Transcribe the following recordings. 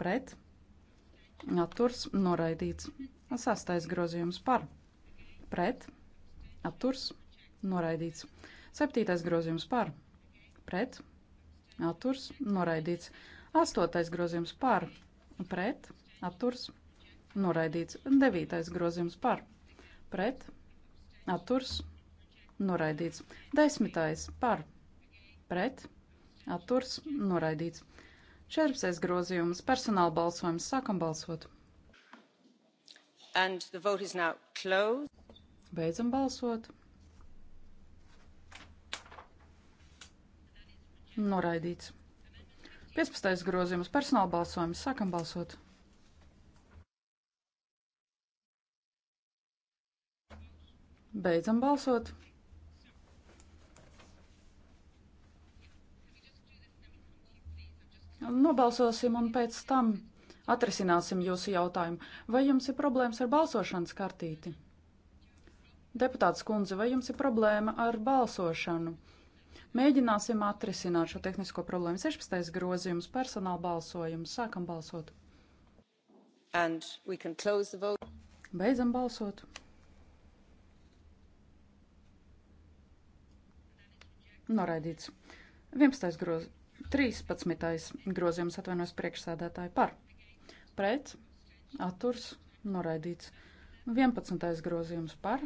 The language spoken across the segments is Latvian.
pret, atturs noraidīts. Sastais grozījums par, pret, atturs noraidīts. Septītais grozījums par, pret, atturs noraidīts. Astotais grozījums par, pret, atturs noraidīts. Devītais grozījums par, pret, atturs noraidīts. Desmitais par, pret, atturs noraidīts. 14. grozījums - personāla balsojums. Sākam balsot. Beidzam balsot. Noraidīts. 15. grozījums - personāla balsojums. Sākam balsot. Beidzam balsot. Nobalsosim un pēc tam atrisināsim jūsu jautājumu. Vai jums ir problēmas ar balsošanas kartīti? Deputāts kundze, vai jums ir problēma ar balsošanu? Mēģināsim atrisināt šo tehnisko problēmu. 16. grozījums - personāla balsojums. Sākam balsot. Beidzam balsot. Noraidīts. 11. grozījums. 13. grozījums atvainojas priekšsēdētāji par, pret, atturs, noraidīts. 11. grozījums par,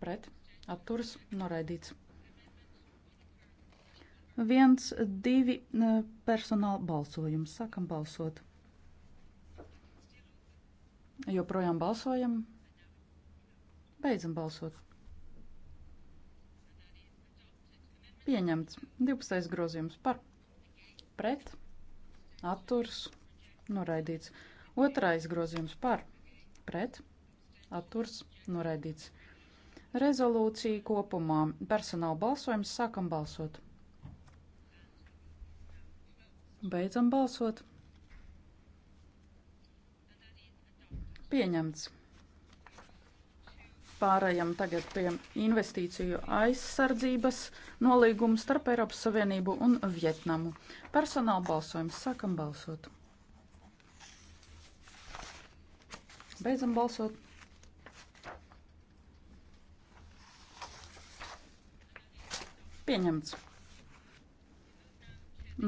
pret, atturs, noraidīts. 1, 2 personāla balsojums. Sākam balsot. Joprojām balsojam. Beidzam balsot. Pieņemts 12. grozījums par pret, atturs, noraidīts. Otrais grozījums par, pret, atturs, noraidīts. Rezolūcija kopumā personāla balsojums sākam balsot. Beidzam balsot. Pieņemts. Pārējām tagad pie investīciju aizsardzības nolīguma starp Eiropas Savienību un Vietnamu. Personāla balsojums. Sākam balsot. Beidzam balsot. Pieņemts.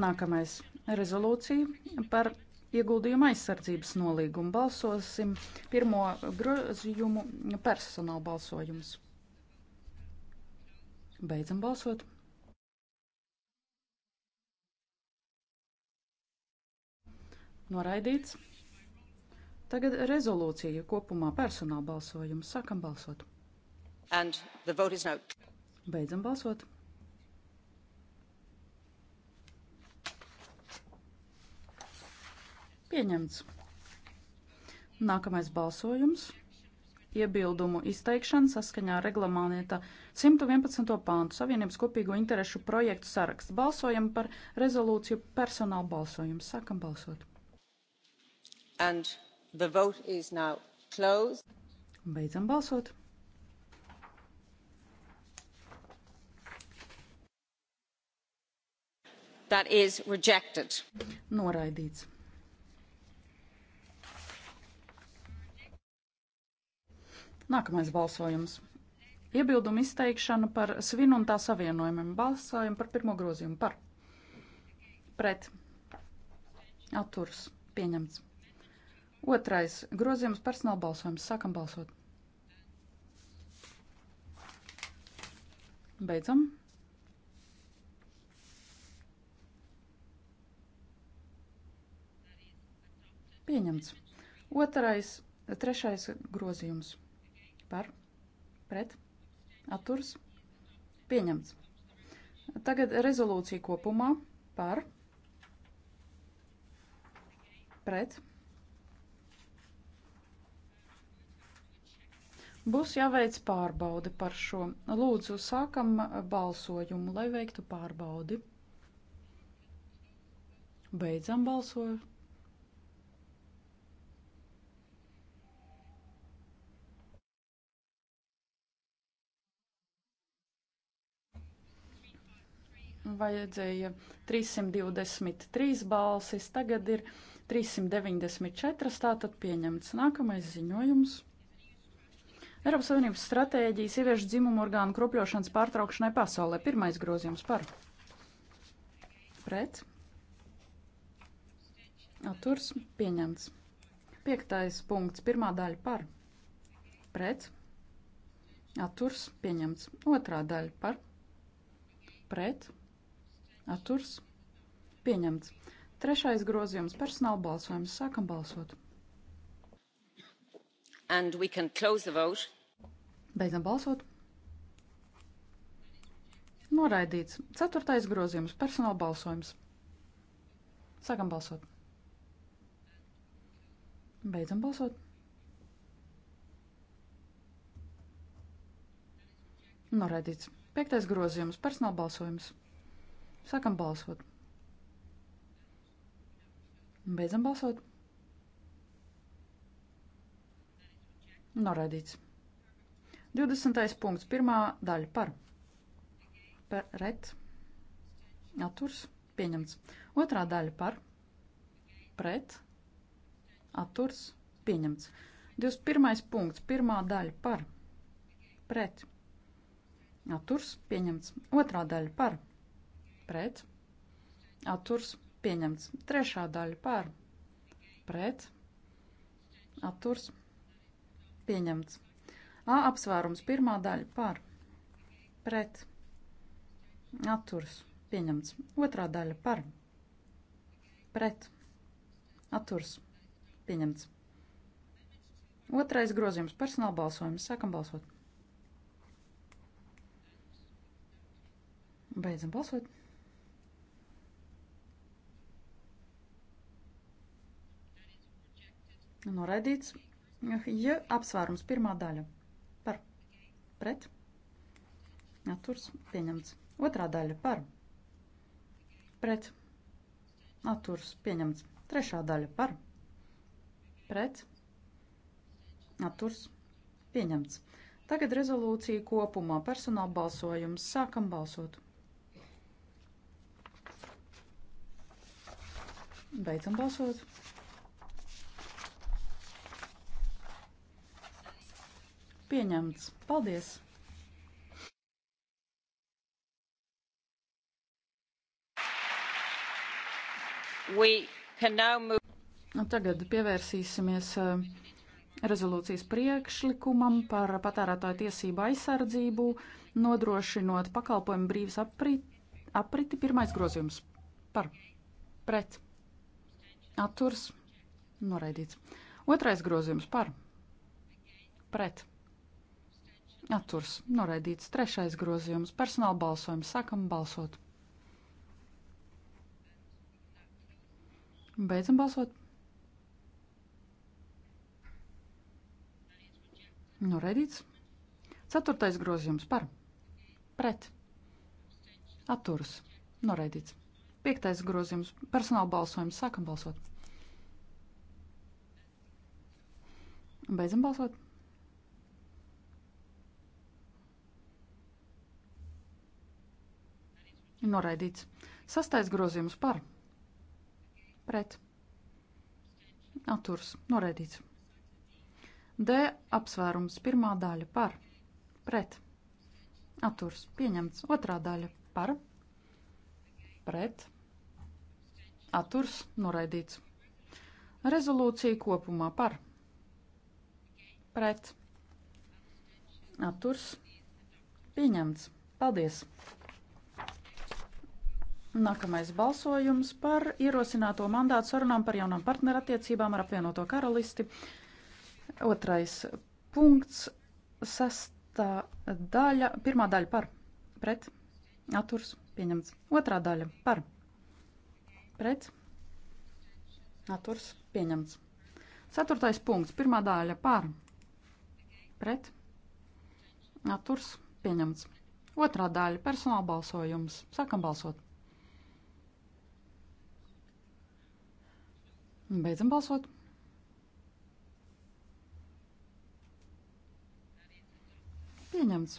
Nākamais rezolūcija par ieguldījuma aizsardzības nolīgumu. Balsosim pirmo grozījumu personāla balsojums. Beidzam balsot. Noraidīts. Tagad rezolūcija kopumā personāla balsojums. Sākam balsot. Beidzam balsot. Pieņemts. Nākamais balsojums. Iebildumu izteikšana saskaņā ar reglamānieta 111. pāntu Savienības kopīgo interešu projektu saraksts. Balsojam par rezolūciju personāla balsojumu. Sākam balsot. And the vote is now closed. Beidzam balsot. That is rejected. Noraidīts. Nākamais balsojums. Iebildumu izteikšana par svinu un tā savienojumiem. Balsojam par pirmo grozījumu. Par. Pret. Atturs. Pieņemts. Otrais grozījums personāla balsojums. Sākam balsot. Beidzam. Pieņemts. Otrais, trešais grozījums par pret atturs pieņemts. Tagad rezolūcija kopumā par pret. Būs jāveic pārbaude par šo. Lūdzu, sākam balsojumu, lai veiktu pārbaudi. Beidzam balsojumu. vajadzēja 323 balsis, tagad ir 394, tātad pieņemts. Nākamais ziņojums. Eiropas Savienības stratēģijas ieviešu dzimumu orgānu kropļošanas pārtraukšanai pasaulē. Pirmais grozījums par. Pret. Atturs pieņemts. Piektais punkts, pirmā daļa par. Pret. Atturs pieņemts. Otrā daļa par. Pret. Atturs. Pieņemts. Trešais grozījums - personāla balsojums. Sākam balsot. Beidzam balsot. Noraidīts. Ceturtais grozījums - personāla balsojums. Sākam balsot. Beidzam balsot. Noraidīts. Piektais grozījums - personāla balsojums. Sākam balsot. Beidzam balsot. Norādīts. 20. punkts. Pirmā daļa par. Pret. Atturs. Pieņemts. Otrā daļa par. Pret. Atturs. Pieņemts. 21. punkts. Pirmā daļa par. Pret. Atturs. Pieņemts. Otrā daļa par. Pret pret, atturs pieņemts. Trešā daļa par, pret, atturs pieņemts. A apsvērums pirmā daļa par, pret, atturs pieņemts. Otrā daļa par, pret, atturs pieņemts. Otrais grozījums - personāla balsojums. Sākam balsot. Beidzam balsot. Noraidīts. Ja apsvērums pirmā daļa par pret. Atturs pieņemts. Otrā daļa par pret. Atturs pieņemts. Trešā daļa par pret. Atturs pieņemts. Tagad rezolūcija kopumā personāla balsojums. Sākam balsot. Beidzam balsot. Pieņemts. Paldies! Nu, tagad pievērsīsimies eh, rezolūcijas priekšlikumam par patērētāju tiesību aizsardzību, nodrošinot pakalpojumu brīvas apriti, apriti pirmais grozījums par pret atturs noraidīts. Otrais grozījums par pret Atturs noraidīts. Trešais grozījums. Personāla balsojums. Sākam balsot. Beidzam balsot. Noraidīts. Ceturtais grozījums par. Pret. Atturs. Noraidīts. Piektais grozījums. Personāla balsojums. Sākam balsot. Beidzam balsot. Noraidīts. Sastais grozījums par. Pret. Atturs. Noraidīts. D. Apsvērums. Pirmā daļa par. Pret. Atturs. Pieņemts. Otrā daļa par. Pret. Atturs. Noraidīts. Rezolūcija kopumā par. Pret. Atturs. Pieņemts. Paldies! Nākamais balsojums par ierosināto mandātu sarunām par jaunām partnerattiecībām ar apvienoto karalisti. Otrais punkts, sestā daļa, pirmā daļa par, pret, atturs, pieņemts. Otrā daļa par, pret, atturs, pieņemts. Ceturtais punkts, pirmā daļa par, pret, atturs, pieņemts. Otrā daļa personāla balsojums. Sākam balsot. Beidzam balsot. Pieņemts.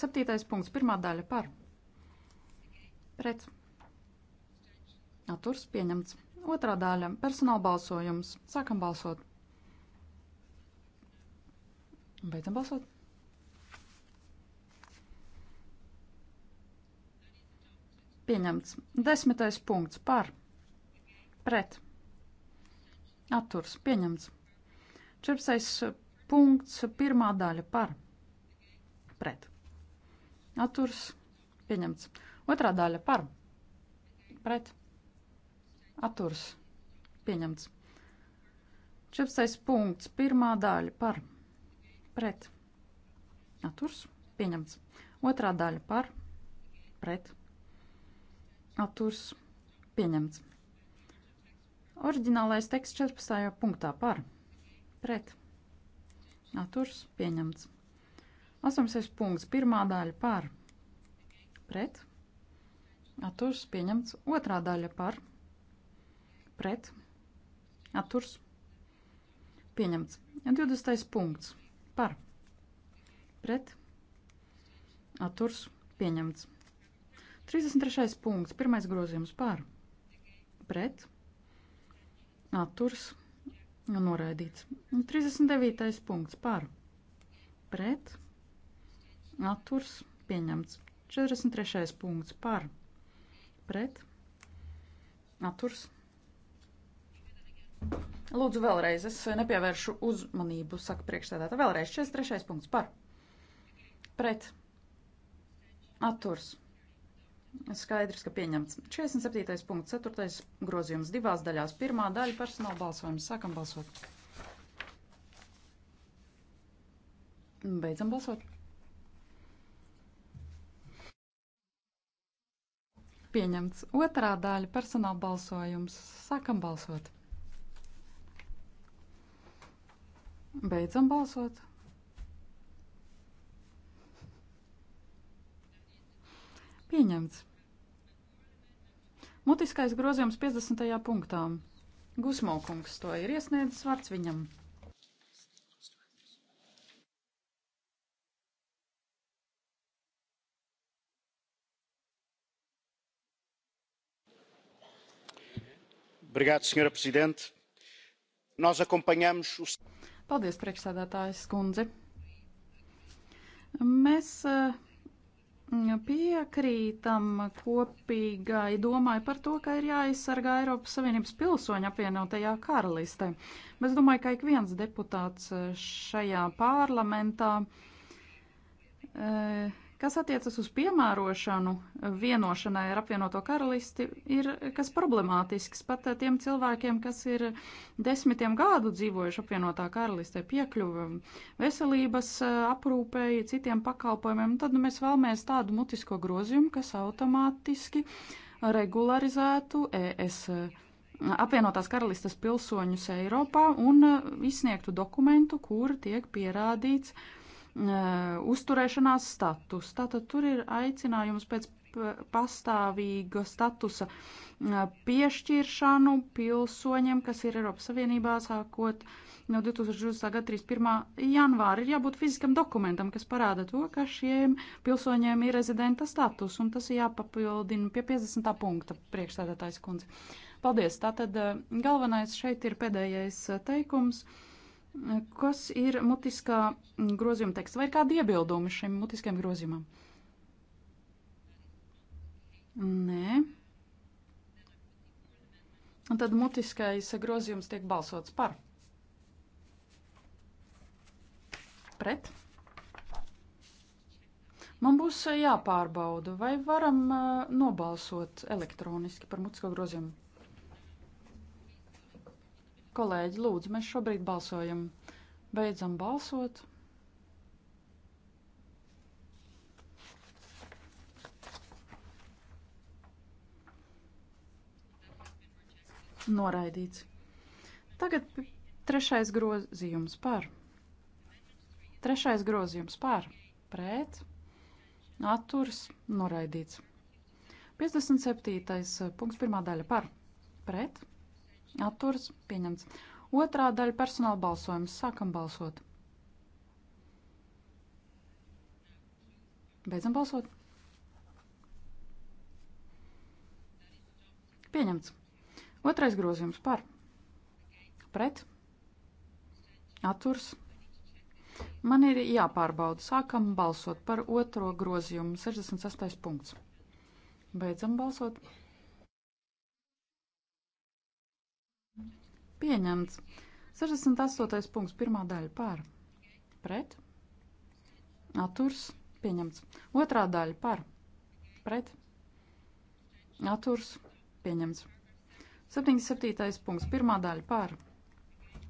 Septītais punkts, pirmā daļa par. Pret. Atturs pieņemts. Otrā daļa - personāla balsojums. Sākam balsot. Beidzam balsot. Pieņemts. Desmitais punkts par. Pret. Atturs pieņemts. 14. Eh, eh, punkts, pirmā daļa par. Pret. Atturs pieņemts. Otrā daļa par. Pret. Atturs pieņemts. 14. punkts, pirmā daļa par. Pret. Atturs pieņemts. Otrā daļa par. Pret. Atturs pieņemts. Oriģinālais teksts 14. punktā par pret atturs pieņemts. 86 punkts pirmā daļa par pret atturs pieņemts. Otrā daļa par pret atturs pieņemts. 20. punkts par pret atturs pieņemts. 33. punkts pirmais grozījums par pret atturs pieņemts atturs noraidīts. 39. punkts par pret atturs pieņemts. 43. punkts par pret atturs. Lūdzu vēlreiz, es nepievēršu uzmanību, saka priekšstādāta. Vēlreiz 43. punkts par pret atturs. Skaidrs, ka pieņemts. 47. punkts, 4. grozījums divās daļās. Pirmā daļa personāla balsojums. Sākam balsot. Beidzam balsot. Pieņemts. Otrā daļa personāla balsojums. Sākam balsot. Beidzam balsot. Pieņemts. Mutiskais grozījums 50. punktā. Gusmokungs to ir iesniedzis vārds viņam. Obrigado, senhora presidente. Nós acompanhamos o... Paldies, priekšsēdētājs kundze. Mēs uh, Piekrītam kopīgai domai par to, ka ir jāaizsargā Eiropas Savienības pilsoņu apvienotajā karalistē. Es domāju, ka ik viens deputāts šajā parlamentā e, Kas attiecas uz piemērošanu vienošanai ar apvienoto karalisti, ir kas problemātisks pat eh, tiem cilvēkiem, kas ir desmitiem gadu dzīvojuši apvienotā karalistē, piekļuva veselības eh, aprūpēji, citiem pakalpojumiem. Tad nu, mēs vēlamies tādu mutisko grozījumu, kas automātiski regularizētu ES eh, apvienotās karalistas pilsoņus Eiropā un izsniegtu dokumentu, kur tiek pierādīts, uh, Uh, uzturēšanās status. Tātad tur ir aicinājums pēc pastāvīga statusa uh, piešķiršanu pilsoņiem, kas ir Eiropas Savienībā sākot no 2020. gada 31. janvāra. Ir jābūt fiziskam dokumentam, kas parāda to, ka šiem pilsoņiem ir rezidenta status, un tas ir jāpapildina pie 50. punkta priekšstādātājs kundze. Paldies! Tātad uh, galvenais šeit ir pēdējais teikums. Uh, Kas ir mutiskā grozījuma teksts? Vai ir kādi iebildumi šim mutiskajam grozījumam? Nē. Un tad mutiskais grozījums tiek balsots par. Pret. Man būs jāpārbauda, vai varam eh, nobalsot elektroniski par mutisko grozījumu. Kolēģi, lūdzu, mēs šobrīd balsojam. Beidzam balsot. Noraidīts. Tagad trešais grozījums par. Trešais grozījums par. Pret. Atturs. Noraidīts. 57. Eh, punkts pirmā daļa par. Pret. Atturas pieņemts. Otrā daļa personāla balsojums. Sākam balsot. Beidzam balsot. Pieņemts. Otrais grozījums par. Pret. Atturs. Man ir jāpārbauda. Sākam balsot par otro grozījumu. 68. punkts. Beidzam balsot. Pieņemts. 68. punkts, pirmā daļa par. Pret. Atturs. Pieņemts. Otrā daļa par. Pret. Atturs. Pieņemts. 77. punkts, pirmā daļa par.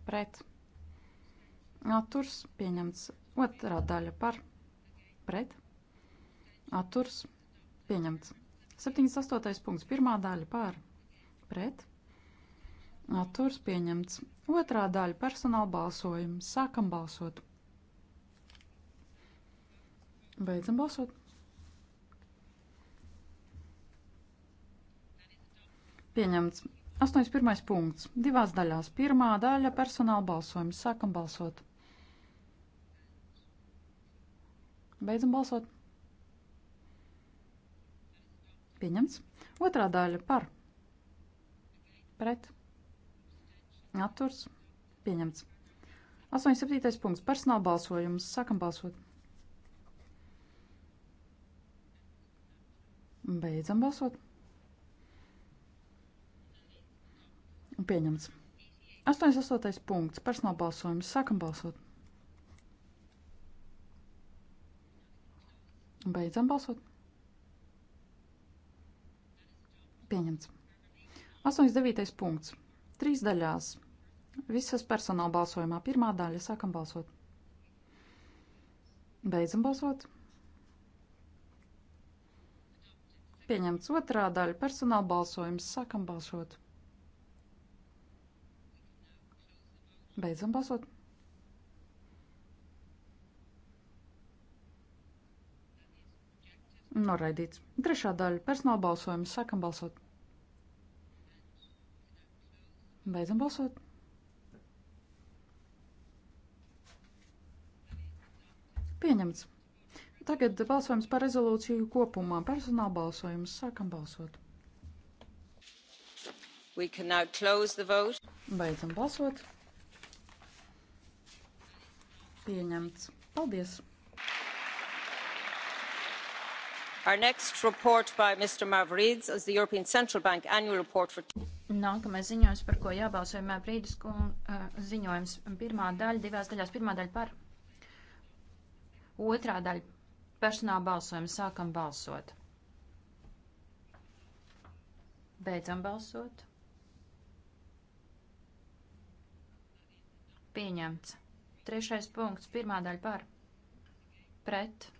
Pret. Atturs. Pieņemts. Otrā daļa par. Pret. Atturs. Pieņemts. 78. punkts, pirmā daļa par. Pret. Atturs pieņemts. Otrā daļa - personāla balsojums. Sākam balsot. Beidzam balsot. Pieņemts. 81. punkts. Divās daļās. Pirmā daļa - personāla balsojums. Sākam balsot. Beidzam balsot. Pieņemts. Otrā daļa - par. Pret Atturs. Pieņemts. 87. punkts. Personāla balsojums. Sākam balsot. Beidzam balsot. Pieņemts. 88. punkts. Personāla balsojums. Sākam balsot. Beidzam balsot. Pieņemts. 89. punkts. Trīs daļās. Visas personāla balsojumā. Pirmā daļa. Sākam balsot. Beidzam balsot. Pieņemts otrā daļa. Personāla balsojums. Sākam balsot. Beidzam balsot. Noraidīts. Trešā daļa. Personāla balsojums. Sākam balsot. Beidzam balsot. Pieņemts. Tagad balsojums par rezolūciju kopumā. Personāla balsojums. Sākam balsot. Beidzam balsot. Pieņemts. Paldies. Our next report by Mr. Mavrides is the European Central Bank annual report for Nākamais ziņojums, par ko jābalso vienmēr brīdis, un uh, ziņojums pirmā daļa, divās daļās, pirmā daļa par, otrā daļa personāla balsojuma, sākam balsot. Beidzam balsot. Pieņemts. Trešais punkts. Pirmā daļa par. Pret.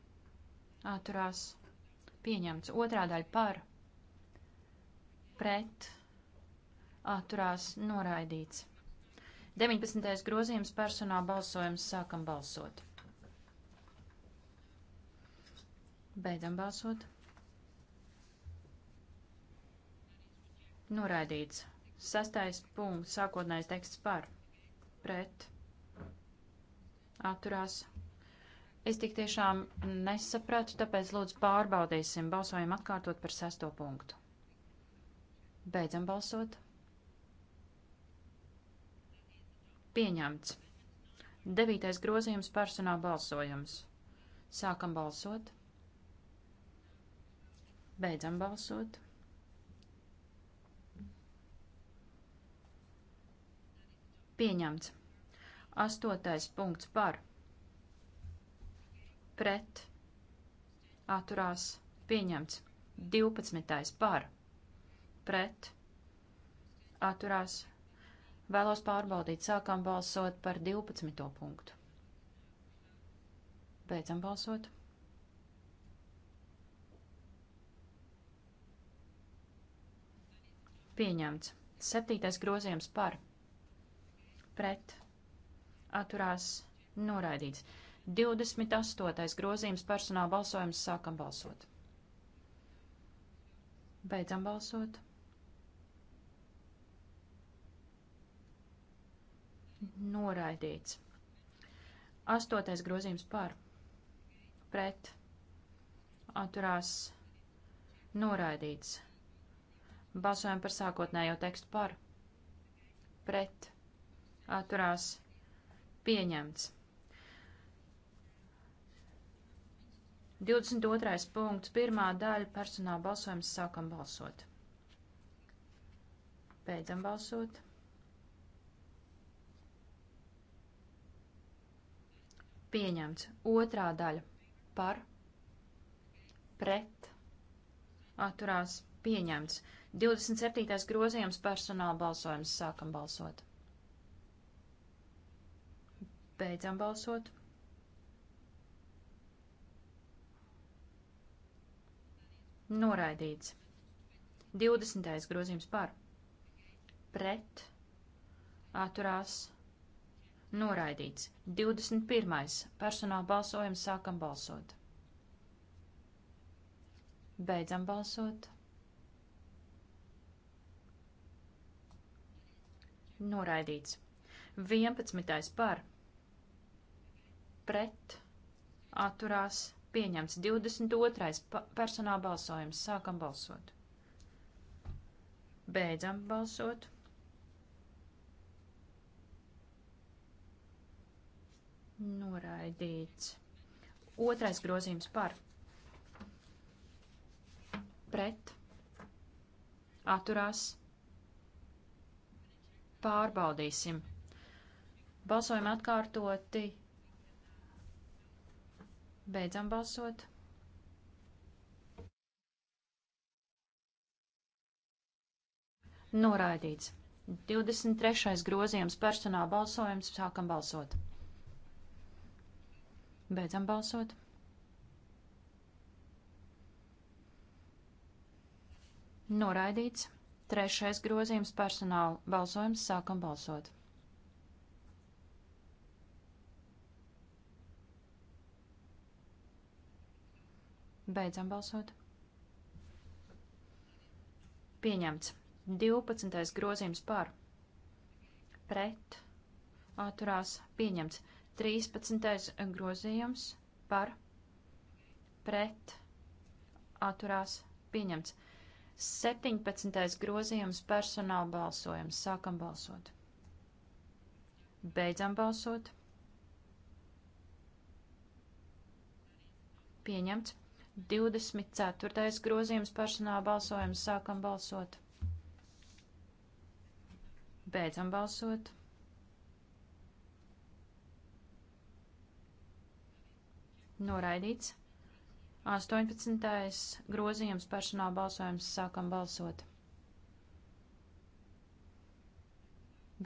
Atturās. Pieņemts. Otrā daļa par. Pret atturās noraidīts. 19. grozījums personāla balsojums sākam balsot. Beidzam balsot. Noraidīts. Sastais punkts, sākotnējais teksts par, pret, atturās. Es tik tiešām nesapratu, tāpēc lūdzu pārbaudīsim balsojumu atkārtot par sesto punktu. Beidzam balsot. Pieņemts. Devītais grozījums personāla balsojums. Sākam balsot. Beidzam balsot. Pieņemts. Astotais punkts par. Pret. Atturās. Pieņemts. Divpadsmitais par. Pret. Atturās. Vēlos pārbaudīt, sākām balsot par 12. punktu. Beidzam balsot. Pieņemts. Septītais grozījums par. Pret. Atturās. Noraidīts. 28. grozījums personāla balsojums sākam balsot. Beidzam balsot. Noraidīts. Astotais grozījums par. Pret. Atturās. Noraidīts. Balsojam par sākotnējo tekstu par. Pret. Atturās. Pieņemts. 22. punkts, pirmā daļa personāla balsojums sākam balsot. Beidzam balsot. Pieņemts. Otrā daļa par, pret, atturās, pieņemts. 27. grozījums personāla balsojums. Sākam balsot. Beidzam balsot. Noraidīts. 20. grozījums par, pret, atturās, pieņemts Noraidīts. 21. Personāla balsojums sākam balsot. Beidzam balsot. Noraidīts. 11. par. Pret. Atturās. Pieņemts. 22. Pa personāla balsojums. Sākam balsot. Beidzam balsot. Noraidīts. Otrais grozījums par. Pret. Atturās. Pārbaudīsim. Balsojam atkārtoti. Beidzam balsot. Noraidīts. 23. grozījums personāla balsojums. Sākam balsot. Beidzam balsot. Noraidīts. Trešais grozījums personāla balsojums. Sākam balsot. Beidzam balsot. Pieņemts. 12. grozījums par. Pret. Atturās. Pieņemts. 13. grozījums par pret atturās pieņemts. 17. grozījums personāla balsojums. Sākam balsot. Beidzam balsot. Pieņemts. 24. grozījums personāla balsojums. Sākam balsot. Beidzam balsot. Noraidīts. 18. grozījums personāla balsojums. Sākam balsot.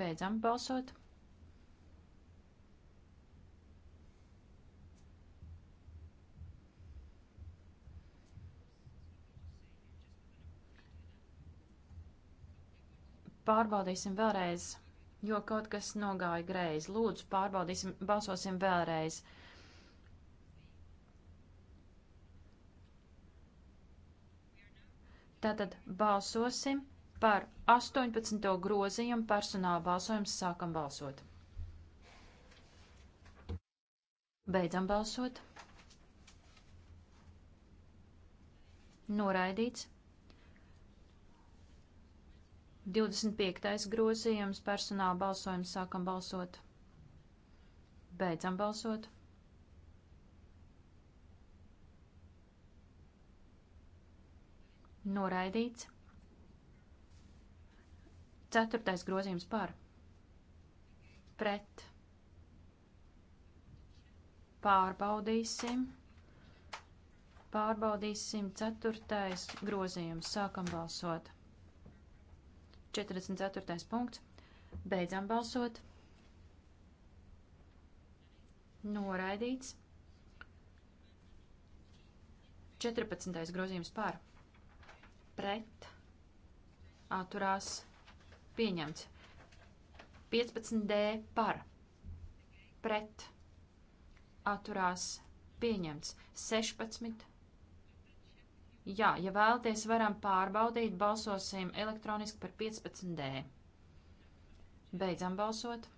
Beidzam balsot. Pārbaudīsim vēlreiz, jo kaut kas nogāja greizi. Lūdzu, pārbaudīsim, balsosim vēlreiz. 18.00. Tātad balsosim par 18. grozījumu personāla balsojums sākam balsot. Beidzam balsot. Noraidīts. 25. grozījums personāla balsojums sākam balsot. Beidzam balsot. Noraidīts. Ceturtais grozījums par. Pret. Pārbaudīsim. Pārbaudīsim ceturtais grozījums. Sākam balsot. 44. punkts. Beidzam balsot. Noraidīts. 14. grozījums par pret, atturās, pieņemts. 15D par, pret, atturās, pieņemts. 16. Jā, ja vēlaties, varam pārbaudīt, balsosim elektroniski par 15D. Beidzam balsot.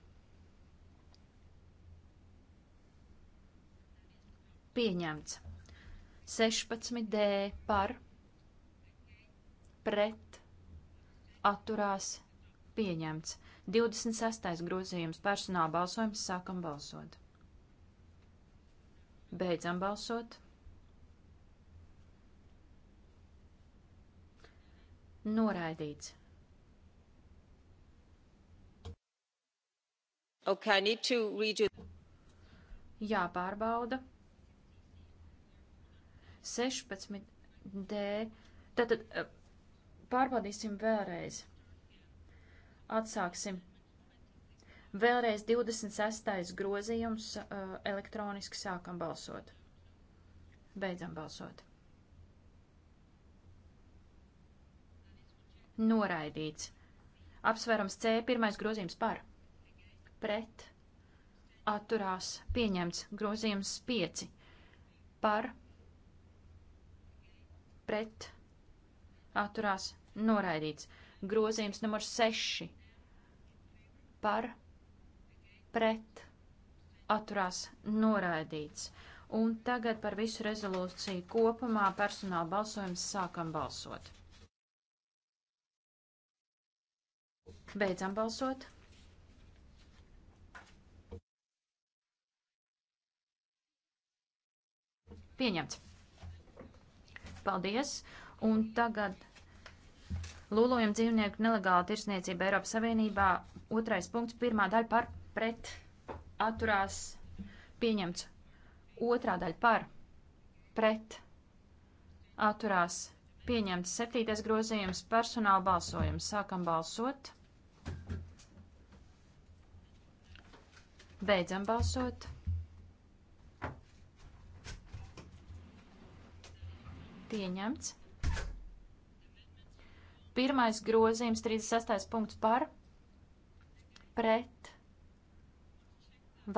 Pieņemts. 16D par pret, atturās, pieņemts. 26. grozījums personāla balsojums sākam balsot. Beidzam balsot. Noraidīts. Okay, I need to read you. Jāpārbauda. 16D. Tātad Pārbaudīsim vēlreiz. Atsāksim. Vēlreiz 26. grozījums uh, elektroniski sākam balsot. Beidzam balsot. Noraidīts. Apsverams C pirmais grozījums par. Pret. Atturās. Pieņemts. Grozījums 5. Par. Pret atturās noraidīts. Grozījums numur 6 par pret atturās noraidīts. Un tagad par visu rezolūciju kopumā personāla balsojums sākam balsot. Beidzam balsot. Pieņemts. Paldies! Un tagad lūlojam dzīvnieku nelegāla tirsniecība Eiropas Savienībā. Otrais punkts, pirmā daļa par pret atturās pieņemts. Otrā daļa par pret atturās pieņemts. Septītais grozījums personāla balsojums. Sākam balsot. Beidzam balsot. Pieņemts. Pirmais grozījums, 36. punkts par, pret,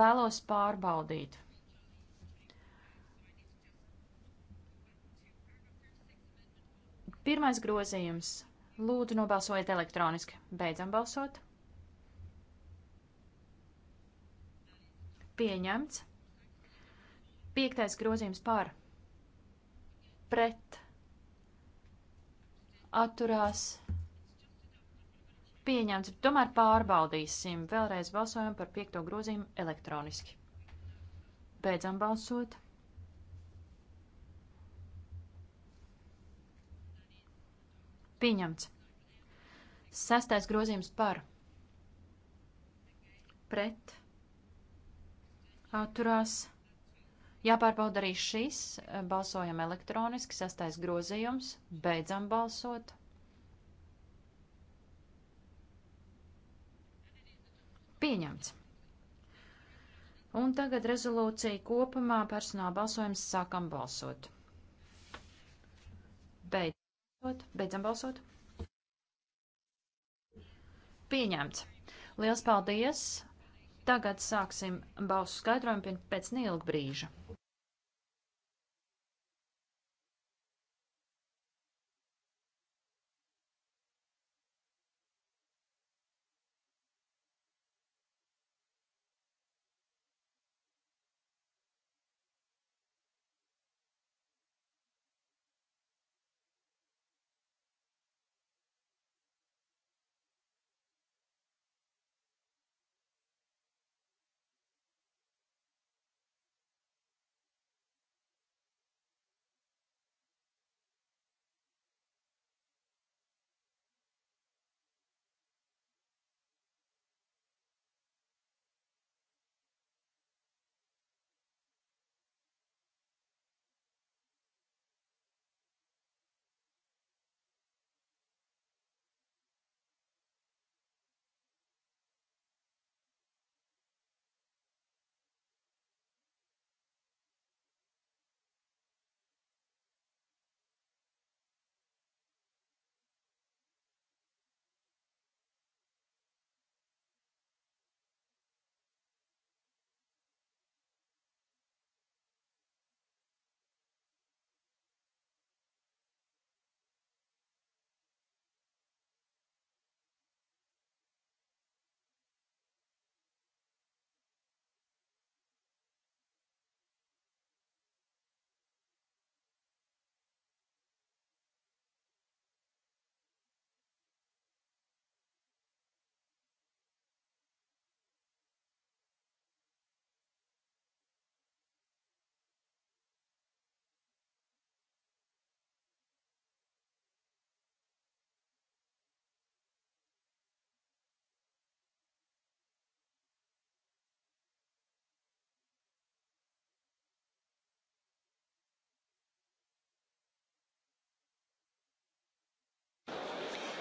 vēlos pārbaudīt. Pirmais grozījums. Lūdzu, nobalsojiet elektroniski. Beidzam balsot. Pieņemts. Piektais grozījums pār. Pret atturās pieņemts. Tomēr pārbaudīsim. Vēlreiz balsojam par piekto grozījumu elektroniski. Beidzam balsot. Pieņemts. Sestais grozījums par. Pret. Atturās. Jāpārbauda arī šis. Eh, balsojam elektroniski. Sastais grozījums. Beidzam balsot. Pieņemts. Un tagad rezolūcija kopumā personāla balsojums sākam balsot. Beidzot, beidzam balsot. Pieņemts. Liels paldies! Tagad sāksim balsu skaidrojumu pēc neilga brīža.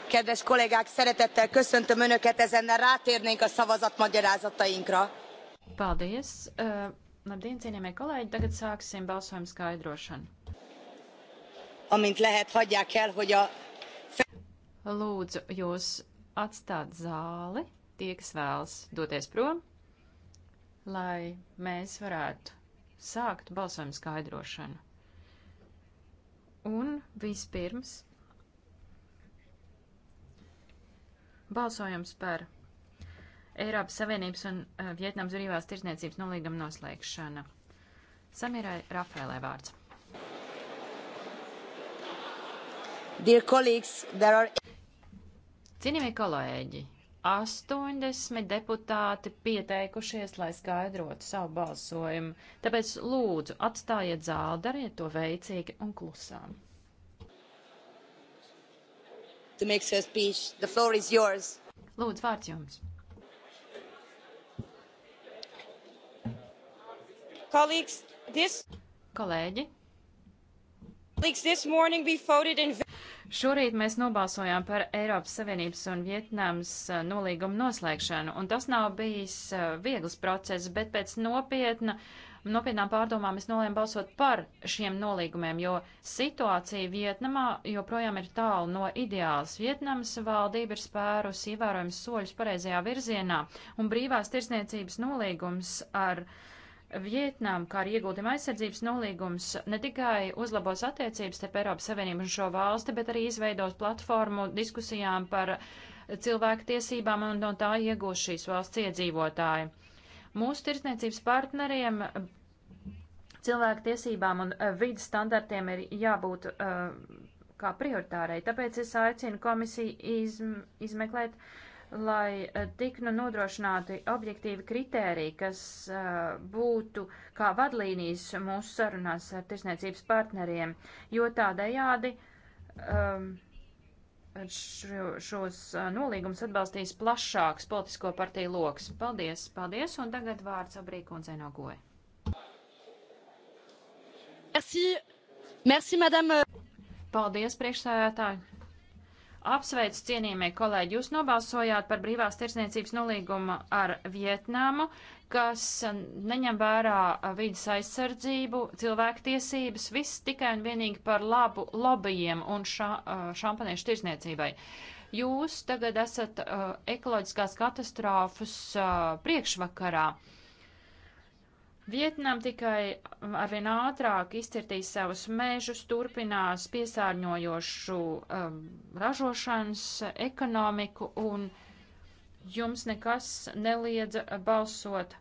Kedves kollégák, szeretettel köszöntöm Önöket, ezennel rátérnénk a szavazatmagyarázatainkra. Paldies! Uh, labdien, cienījamie kolēģi! Tagad sāksim balsojumu skaidrošanu. Amint lehet, hagyják el, hogy a... Lūdzu, jūs atstāt zāli, tie, kas vēlas doties prom, lai mēs varētu sākt balsojumu skaidrošanu. Un vispirms Balsojums par Eiropas Savienības un e, Vietnams brīvās tirsniecības nolīguma noslēgšana. Samirai Rafēlē vārds. Are... Cienījamie kolēģi, 80 deputāti pieteikušies, lai skaidrotu savu balsojumu, tāpēc lūdzu atstājiet zāli, dariet to veicīgi un klusām to make her speech. The floor is yours. Lūdzu, vārds jums. Colleagues, this... Kolēģi. Colleagues, this morning we voted in... Šorīt mēs nobalsojām par Eiropas Savienības un Vietnams uh, nolīgumu noslēgšanu, un tas nav bijis uh, viegls process, bet pēc nopietna uh, nopietnām pārdomām es nolēmu balsot par šiem nolīgumiem, jo situācija Vietnamā joprojām ir tālu no ideāls. Vietnamas valdība ir spērusi ievērojams soļus pareizajā virzienā, un brīvās tirsniecības nolīgums ar Vietnām, kā arī ieguldījuma aizsardzības nolīgums, ne tikai uzlabos attiecības starp Eiropas Savienību un šo valsti, bet arī izveidos platformu diskusijām par cilvēku tiesībām un no tā iegūs šīs valsts iedzīvotāji. Mūsu tirsniecības partneriem Cilvēku tiesībām un eh, vidas standartiem ir jābūt eh, kā prioritārai, tāpēc es aicinu komisiju izm izmeklēt lai eh, tik nu nodrošināti objektīvi kritēriji, kas uh, būtu kā vadlīnijas mūsu sarunās ar tirsniecības partneriem, jo tādējādi um, šo, šos nolīgumus atbalstīs plašāks politisko partiju loks. Paldies, paldies, un tagad vārds Abrīkundzei no Goja. Merci, merci, madame. Paldies, priekšsēdētāji! Apsveicu cienījamie kolēģi, jūs nobalsojāt par brīvās tirsniecības nolīgumu ar Vietnamu, kas neņem vērā vidas aizsardzību, cilvēktiesības, viss tikai un vienīgi par labu lobbyiem un ša, šampaniešu tirsniecībai. Jūs tagad esat uh, ekoloģiskās katastrofas uh, priekšvakarā. Uh, Vietnam tikai arvien ātrāk izcirtīs savus mežus, turpinās piesārņojošu um, ražošanas ekonomiku, un jums nekas neliedza balsot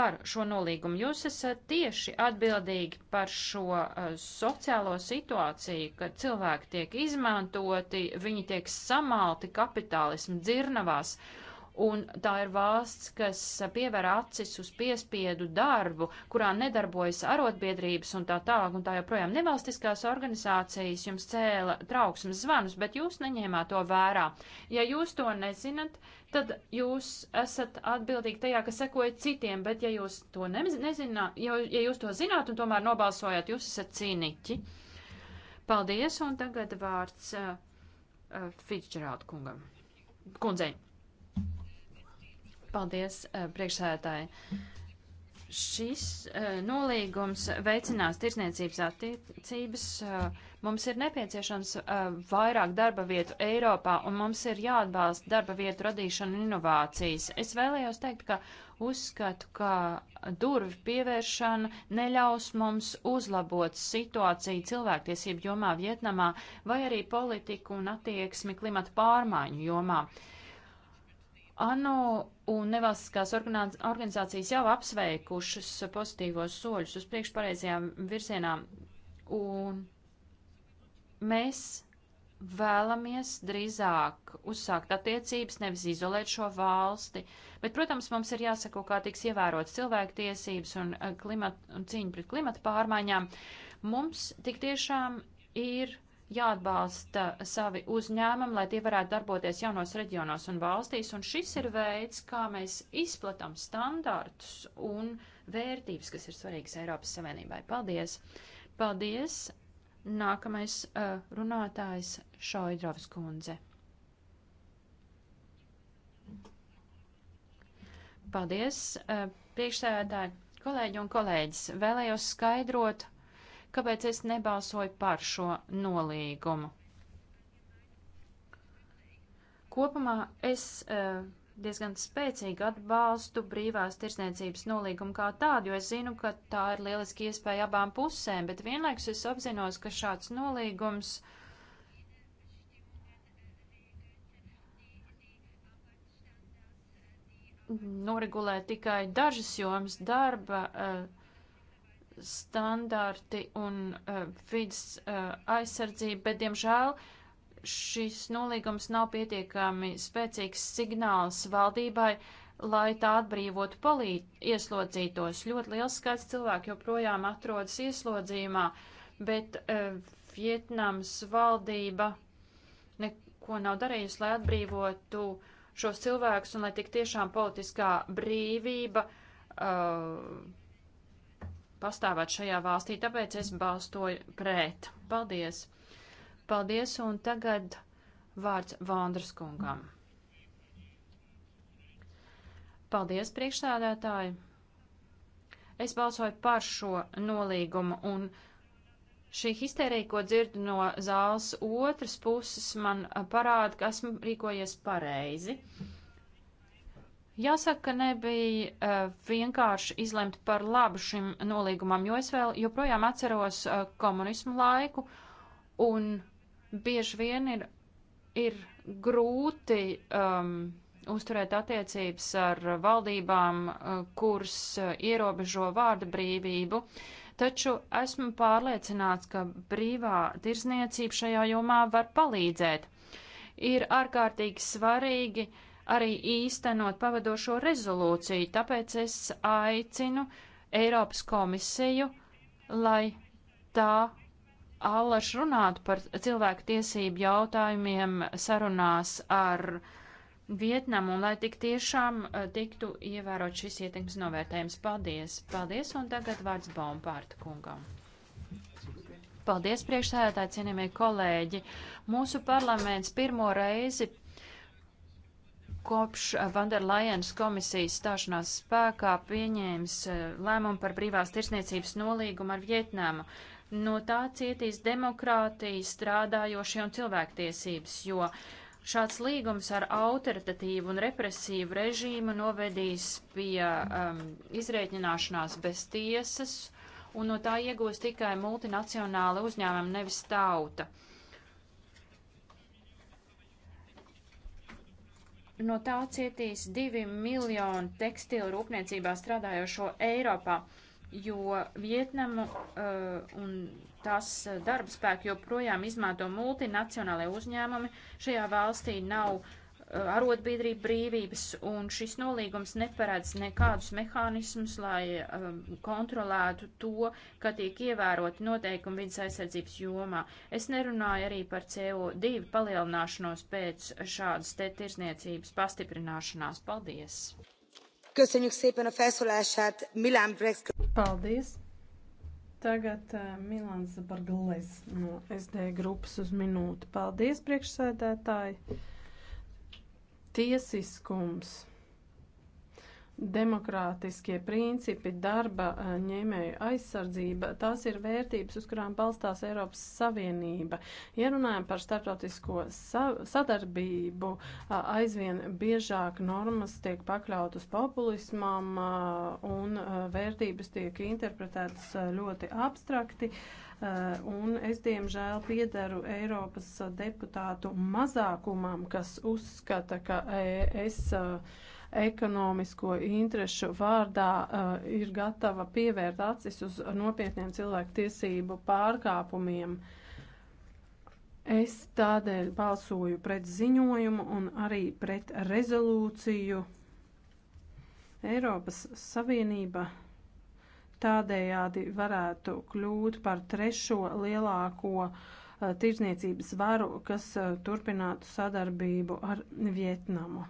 par šo nolīgumu. Jūs esat tieši atbildīgi par šo uh, sociālo situāciju, kad cilvēki tiek izmantoti, viņi tiek samalti kapitālismu dzirnavās. Uh, Un tā ir valsts, kas pievēr acis uz piespiedu darbu, kurā nedarbojas arotbiedrības un tā tālāk, un tā joprojām nevalstiskās organizācijas jums cēla trauksmes zvanus, bet jūs neņēmāt to vērā. Ja jūs to nezinat, tad jūs esat atbildīgi tajā, kas sekoja citiem, bet ja jūs to nezināt, ja, ja jūs to zināt un tomēr nobalsojāt, jūs esat cīniķi. Paldies, un tagad vārds uh, uh, Fitzgerald kungam. Kundzei. Paldies, eh, priekšsēdētāji. Šis eh, nolīgums veicinās tirsniecības attiecības. Eh, mums ir nepieciešams vairāk darba vietu Eiropā, un mums ir jāatbalsta darba vietu radīšana un inovācijas. Es vēlējos teikt, ka uzskatu, ka durvju pievēršana neļaus mums uzlabot situāciju cilvēktiesību jomā Vietnamā vai arī politiku un attieksmi klimata pārmaiņu jomā. Uh, ANO un nevalstiskās organizācijas jau apsveikušas pozitīvos soļus uz priekšpareizajām virzienām, un mēs vēlamies drīzāk uzsākt attiecības, nevis izolēt šo valsti, bet, protams, mums ir jāsako, kā tiks ievērots cilvēktiesības un, eh, klimat, un cīņa pret klimata pārmaiņām. Mums tik tiešām ir jāatbalsta savi uzņēmumi, lai tie varētu darboties jaunos reģionos un valstīs, un šis ir veids, kā mēs izplatām standārtus un vērtības, kas ir svarīgas Eiropas Savienībai. Paldies! Paldies! Nākamais uh, runātājs Šoidrovs kundze. Paldies, uh, priekšsēdētāji, kolēģi un kolēģis. Vēlējos skaidrot kāpēc es nebalsoju par šo nolīgumu. Kopumā es uh, diezgan spēcīgi atbalstu brīvās tirsniecības nolīgumu kā tādu, jo es zinu, ka tā ir lieliski iespēja abām pusēm, bet vienlaikus es apzinos, ka šāds nolīgums noregulē tikai dažas jomas darba. Uh, standarti un uh, vidas uh, aizsardzība, bet, diemžēl, šis nolīgums nav pietiekami spēcīgs signāls valdībai, lai tā atbrīvotu palīt, ieslodzītos. Ļoti liels skaits cilvēku joprojām atrodas ieslodzījumā, bet uh, Vietnams valdība neko nav darījusi, lai atbrīvotu šos cilvēkus un lai tik tiešām politiskā brīvība uh, pastāvēt šajā valstī, tāpēc es balstoju pret. Paldies! Paldies, un tagad vārds Vondras kungam. Paldies, priekšsēdētāji! Es balsoju par šo nolīgumu, un šī histērija, ko dzirdu no zāles otras puses, man parāda, ka esmu rīkojies pareizi. Uh, Jāsaka, nebija uh, vienkārši izlemt par labu šim nolīgumam, jo es vēl joprojām atceros uh, komunismu laiku, un bieži vien ir, ir grūti um, uzturēt attiecības ar valdībām, uh, kuras uh, ierobežo vārda brīvību, taču esmu pārliecināts, ka brīvā tirzniecība šajā jomā var palīdzēt. Ir ārkārtīgi svarīgi, uh, arī īstenot pavadošo rezolūciju, tāpēc es aicinu Eiropas komisiju, lai tā allaž runātu par cilvēku tiesību jautājumiem sarunās ar Vietnamu, un lai tik tiešām eh, tiktu ievērot šis ietekmes novērtējums. Paldies! Paldies, un tagad vārds Baumpārta kungam. Paldies, priekšsēdētāji, cienījamie kolēģi! Mūsu parlaments pirmo reizi kopš eh, Vanderlajenas komisijas stāšanās spēkā pieņēmis eh, lēmumu par brīvās tirsniecības nolīgumu ar Vietnamu. No tā cietīs demokrātija, strādājošie un cilvēktiesības, jo šāds līgums ar autoritatīvu un represīvu režīmu novedīs pie um, izrēķināšanās bez tiesas, un no tā iegūs tikai multinacionāli uzņēmumi, nevis tauta. Uh, No tā cietīs divi miljoni tekstilu rūpniecībā strādājošo Eiropā, jo Vietnamu uh, un tās uh, darba spēku joprojām izmanto multinacionālajie uzņēmumi. Šajā valstī nav uh, Eh, arotbiedrību brīvības, un šis nolīgums neparedz nekādus mehānismus, lai um, kontrolētu to, ka tiek ievēroti noteikumi vidas aizsardzības jomā. Es nerunāju arī par CO2 palielināšanos pēc šādas te tirsniecības pastiprināšanās. Paldies! Köszönjük szépen a felszólását, Milán Brex. Paldies! Tagad uh, eh, Milāns Bargales no SD grupas uz minūti. Paldies, priekšsēdētāji! tiesiskums demokrātiskie principi, darba eh, ņēmēju aizsardzība, tās ir vērtības, uz kurām balstās Eiropas Savienība. Ja runājam par starptautisko sa sadarbību, aizvien biežāk normas tiek pakļautas populismam un vērtības tiek interpretētas ļoti abstrakti. Un es, diemžēl, piedaru Eiropas deputātu mazākumam, kas uzskata, ka e, es. Uh, ekonomisko interešu vārdā uh, ir gatava pievērt acis uz nopietniem cilvēku tiesību pārkāpumiem. Es tādēļ balsoju pret ziņojumu un arī pret rezolūciju. Eiropas Savienība tādējādi varētu kļūt par trešo lielāko uh, eh, tirdzniecības varu, kas uh, turpinātu sadarbību ar Vietnamu.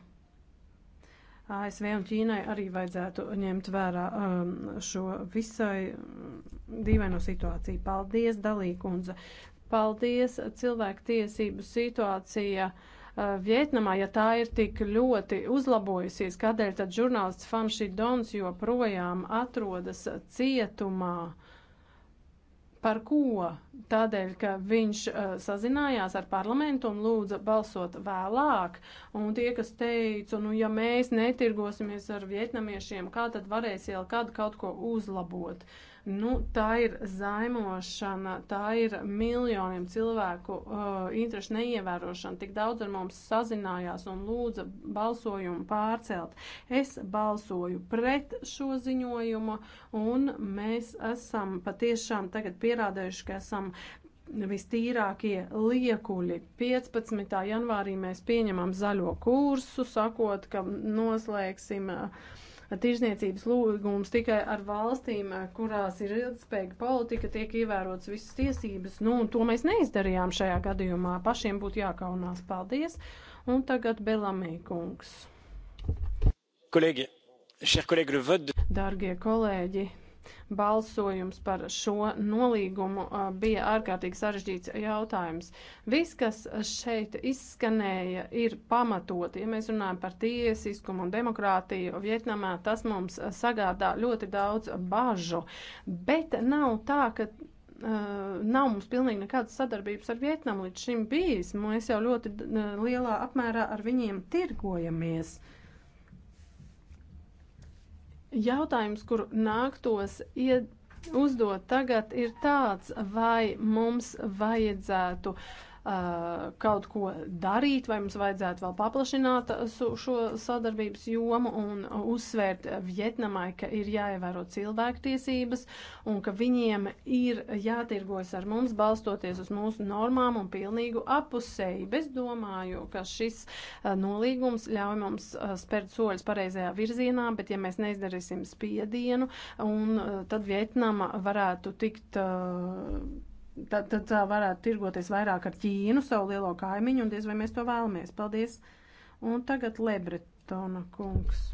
ASV un Ķīnai arī vajadzētu ņemt vērā um, šo visai mm, dīvaino situāciju. Paldies, Dalīkundze! Paldies, cilvēktiesību situācija! Uh, Vietnamā, ja tā ir tik ļoti uzlabojusies, kādēļ tad žurnālists Fanšidons joprojām atrodas cietumā? Par ko? Tādēļ, ka viņš uh, sazinājās ar parlamentu un lūdza balsot vēlāk. Un tie, kas teica, nu, ja mēs netirgosimies ar vietnamiešiem, kā tad varēs jau kādu kaut ko uzlabot? Uh, Nu, tā ir zaimošana, tā ir miljoniem cilvēku uh, interešu neievērošana. Tik daudz ar mums sazinājās un lūdza balsojumu pārcelt. Es balsoju pret šo ziņojumu un mēs esam patiešām tagad pierādējuši, ka esam vistīrākie liekuļi. 15. janvārī mēs pieņemam zaļo kursu, sakot, ka noslēgsim. Uh, tirzniecības lūgums tikai ar valstīm, eh, kurās ir ilgspējīga politika, tiek ievērots visas tiesības. Nu, to mēs neizdarījām šajā gadījumā. Pašiem būtu jākaunās. Paldies. Un tagad Belamī kungs. Kolēģi, šie kolēģi, vod. Dārgie kolēģi, Balsojums par šo nolīgumu bija ārkārtīgi sarežģīts jautājums. Viss, kas šeit izskanēja, ir pamatot. Ja mēs runājam par tiesiskumu un demokrātiju Vietnamā, tas mums sagādā ļoti daudz bažu. Bet nav tā, ka nav mums pilnīgi nekādas sadarbības ar Vietnamu līdz šim bijis. Mēs jau ļoti lielā apmērā ar viņiem tirgojamies. Uh, Jautājums, kur nāktos ied, uzdot tagad, ir tāds, vai mums vajadzētu uh, Uh, kaut ko darīt, vai mums vajadzētu vēl paplašināt uh, šo sadarbības jomu un uzsvērt Vietnamai, ka ir jāievēro cilvēktiesības un ka viņiem ir jātirgojas ar mums, balstoties uz mūsu normām un pilnīgu apusēju. Es domāju, ka šis uh, nolīgums ļauj mums spērt soļus pareizajā virzienā, bet ja mēs neizdarīsim spiedienu, un tad Vietnama varētu tikt uh, tad, tad varētu tirgoties vairāk ar Ķīnu, savu lielo kaimiņu, un diez vai mēs to vēlamies. Paldies! Un tagad Lebretona kungs.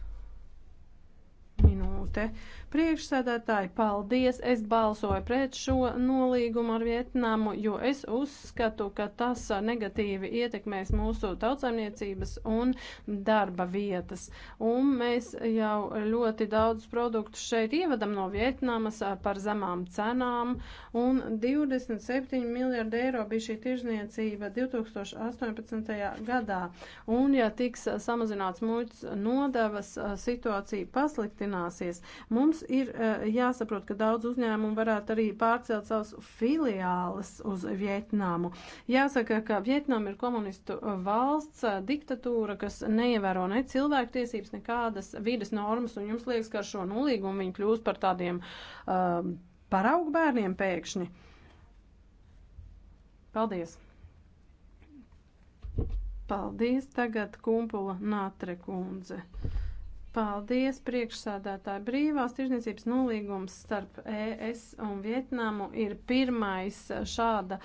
Minūte. Priekšsēdētāji, paldies! Es balsoju pret šo nolīgumu ar Vietnamu, jo es uzskatu, ka tas uh, negatīvi ietekmēs mūsu tautsaimniecības un darba vietas. Un mēs jau ļoti daudz produktu šeit ievedam no Vietnamas uh, par zemām cenām, un 27 miljardi eiro bija šī tirzniecība 2018. gadā. Un, ja tiks uh, samazināts muļķis nodevas, situācija pasliktināsies. Mums Mums ir eh, jāsaprot, ka daudz uzņēmumu varētu arī pārcelt savus filiāles uz Vietnamu. Jāsaka, ka Vietnam ir komunistu eh, valsts, eh, diktatūra, kas neievēro ne cilvēktiesības, nekādas vides normas, un jums liekas, ka ar šo nolīgumu viņi kļūst par tādiem uh, paraugu bērniem pēkšņi. Paldies! Paldies tagad kumpula Nātre kundze. Paldies, priekšsādātāji. Brīvās tirzniecības nolīgums starp ES un Vietnamu ir pirmais šāda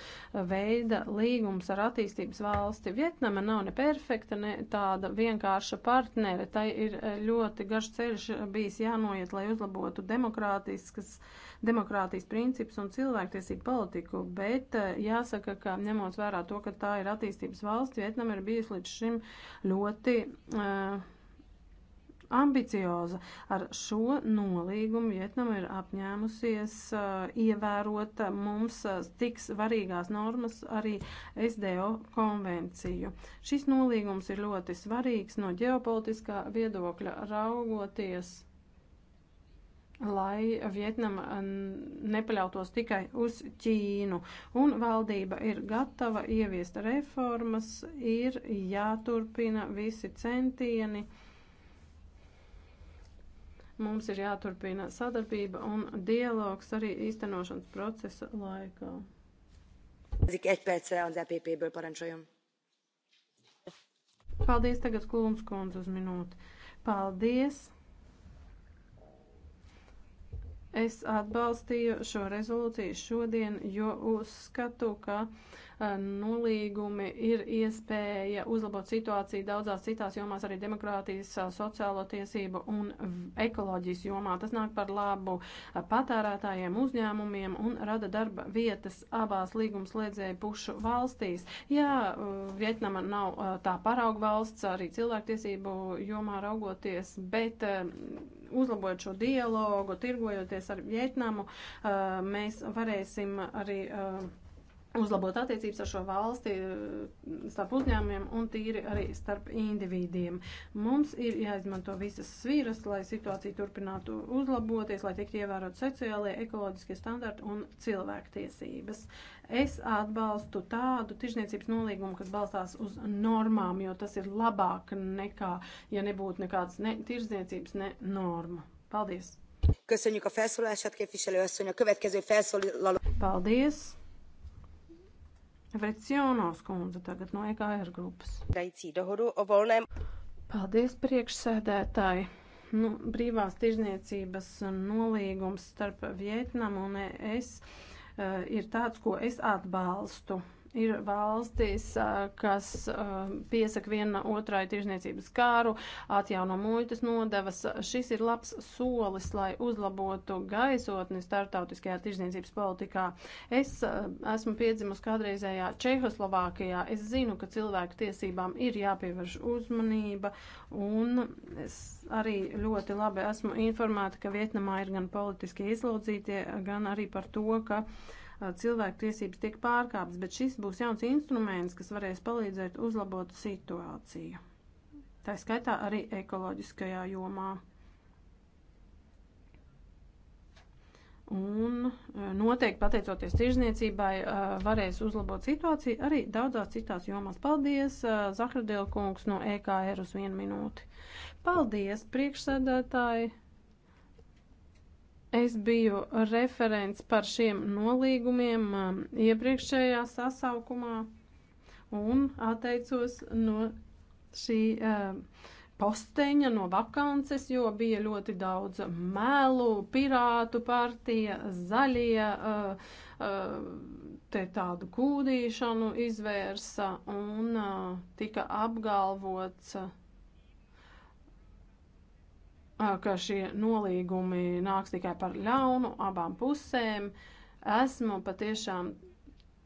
veida līgums ar attīstības valsti. Vietnama nav ne perfekta, ne tāda vienkārša partnere. Tai ir e, ļoti garš ceļš bijis jānoiet, lai uzlabotu demokrātiskas, demokrātijas principus un cilvēktiesību politiku, bet e, jāsaka, ka ņemot vērā to, ka tā ir attīstības valsts, Vietnama ir bijusi līdz šim ļoti. Uh, ambicioza. Ar šo nolīgumu Vietnama ir apņēmusies uh, ievērot uh, mums uh, tik svarīgās normas arī SDO konvenciju. Šis nolīgums ir ļoti svarīgs no ģeopolitiskā viedokļa raugoties lai Vietnama uh, nepaļautos tikai uz Ķīnu. Un valdība ir gatava ieviest reformas, ir jāturpina visi centieni. Uh, Mums ir jāturpina sadarbība un dialogs arī īstenošanas procesa laikā. Ezik egy percre az EPP-ből parancsoljon. Paldies tagad Kulums kundze uz minūti. Paldies! Es atbalstīju šo rezolūciju šodien, jo uzskatu, ka uh, nolīgumi ir iespēja uzlabot situāciju daudzās citās jomās, arī demokrātijas, sociālo tiesību un ekoloģijas jomā. Tas nāk par labu patērētājiem, uzņēmumiem un rada darba vietas abās līgumslēdzēju pušu valstīs. Jā, Vietnama nav tā parauga valsts, arī cilvēktiesību jomā raugoties, bet uzlabojot šo dialogu, tirgojoties ar Vietnamu, mēs varēsim arī uzlabot attiecības ar šo valsti, eh, starp uzņēmumiem un tīri arī starp individiem. Mums ir jāizmanto visas sviras, lai situācija turpinātu uzlaboties, lai tiktu ievērot sociālie, ekoloģiskie standarti un cilvēktiesības. Es atbalstu tādu tirzniecības nolīgumu, kas balstās uz normām, jo tas ir labāk nekā, ja nebūtu nekādas ne tirzniecības, ne norma. Paldies! Köszönjük a felszólását, képviselő asszony. A következő felszólaló... Paldies! Vrecionovs kundze tagad no EKR grupas. Daicī dohodu o volnēm. Paldies, priekšsēdētāji! Nu, brīvās tirzniecības nolīgums starp Vietnamu un ES uh, eh, ir tāds, ko es atbalstu. Ir valstis, kas piesaka viena otrai tirzniecības kāru, atjauno muitas nodevas. Šis ir labs solis, lai uzlabotu gaisotni startautiskajā tirzniecības politikā. Es esmu piedzimus kādreizējā Čehoslovākijā. Es zinu, ka cilvēku tiesībām ir jāpievērš uzmanība, un es arī ļoti labi esmu informēta, ka Vietnamā ir gan politiski ieslodzītie, gan arī par to, ka. Uh, cilvēku tiesības tiek pārkāptas, bet šis būs jauns instruments, kas varēs palīdzēt uzlabot situāciju. Tā skaitā arī ekoloģiskajā jomā. Un noteikti pateicoties tirzniecībai varēs uzlabot situāciju arī daudzās citās jomās. Paldies, Zahradēl kungs no EKR uz vienu minūti. Paldies, priekšsēdētāji! Es biju referents par šiem nolīgumiem um, iepriekšējā sasaukumā un atteicos no šī uh, posteņa, no vakances, jo bija ļoti daudz melu, pirātu partija, zaļie, uh, uh, te tādu kūdīšanu izvērsa un uh, tika apgalvots. Uh, Ah, ka šie nolīgumi nāks tikai par ļaunu abām pusēm. Esmu patiešām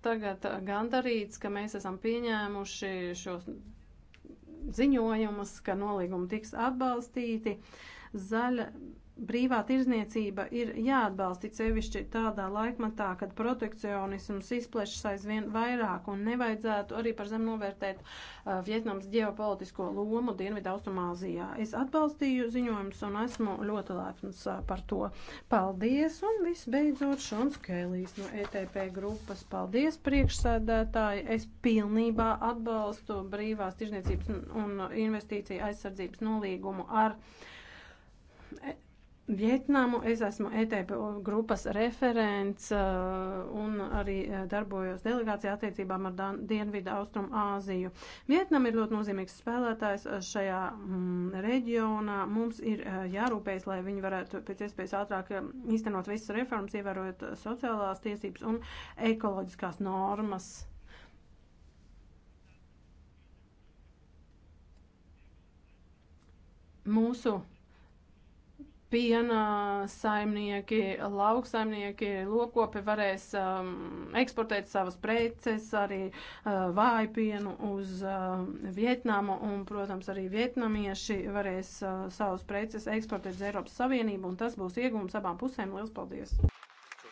tagad gandarīts, ka mēs esam pieņēmuši šos ziņojumus, ka nolīgumi tiks atbalstīti. Zaļa brīvā tirzniecība ir jāatbalsta sevišķi tādā laikmatā, kad protekcionisms izplešas aizvien vairāk un nevajadzētu arī par zem novērtēt uh, Vietnams ģeopolitisko lomu Dienvidu Austrumāzijā. Es atbalstīju ziņojumus un esmu ļoti lēpns uh, par to. Paldies un visbeidzot Šons Kēlīs no ETP grupas. Paldies priekšsēdētāji. Es pilnībā atbalstu brīvās tirzniecības un investīcija aizsardzības nolīgumu ar Vietnamu. Es esmu ETP grupas referents eh, un arī eh, darbojos delegācijā attiecībām ar Dan Dienvidu Austrumu Āziju. Vietnam ir ļoti nozīmīgs spēlētājs eh, šajā mm, reģionā. Mums ir jārūpējas, lai viņi varētu pēc iespējas ātrāk īstenot visas reformas, ievērojot sociālās tiesības un ekoloģiskās normas. Mūsu piena saimnieki, lauksaimnieki, lokopi varēs um, eksportēt savas preces, arī uh, vāju pienu uz uh, Vietnamu, un, protams, arī vietnamieši varēs uh, savas preces eksportēt uz Eiropas Savienību, un tas būs iegums abām pusēm. Lielas paldies!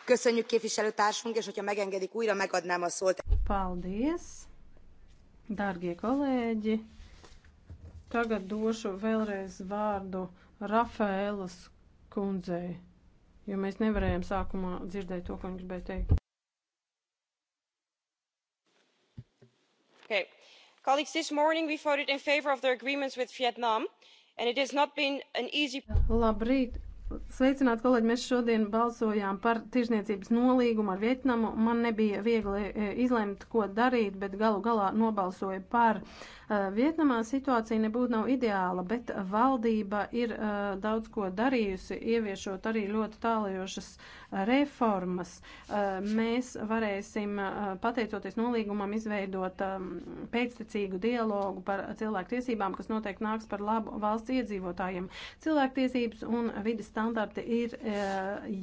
Köszönjük képviselőtársunk, és hogyha megengedik, újra megadnám a szót. Paldies, dārgie kolēģi! Tagad došu vēlreiz vārdu Rafēlas kundzei, jo mēs nevarējām sākumā dzirdēt to, ko viņa gribēja teikt. Okay. Colleagues, this morning we voted in favor of the agreements with Vietnam, and it has not been an easy. Labrīt, Sveicināti, kolēģi! Mēs šodien balsojām par tirzniecības nolīgumu ar Vietnamu. Man nebija viegli e, izlemt, ko darīt, bet galu galā nobalsoju par uh, Vietnamā situācija nebūtu nav ideāla, bet valdība ir daudz ko darījusi, ieviešot arī ļoti tālajošas reformas. Mēs varēsim, pateicoties nolīgumam, izveidot pēctecīgu dialogu par cilvēktiesībām, kas noteikti nāks par labu valsts iedzīvotājiem. Cilvēktiesības un vidas standarti ir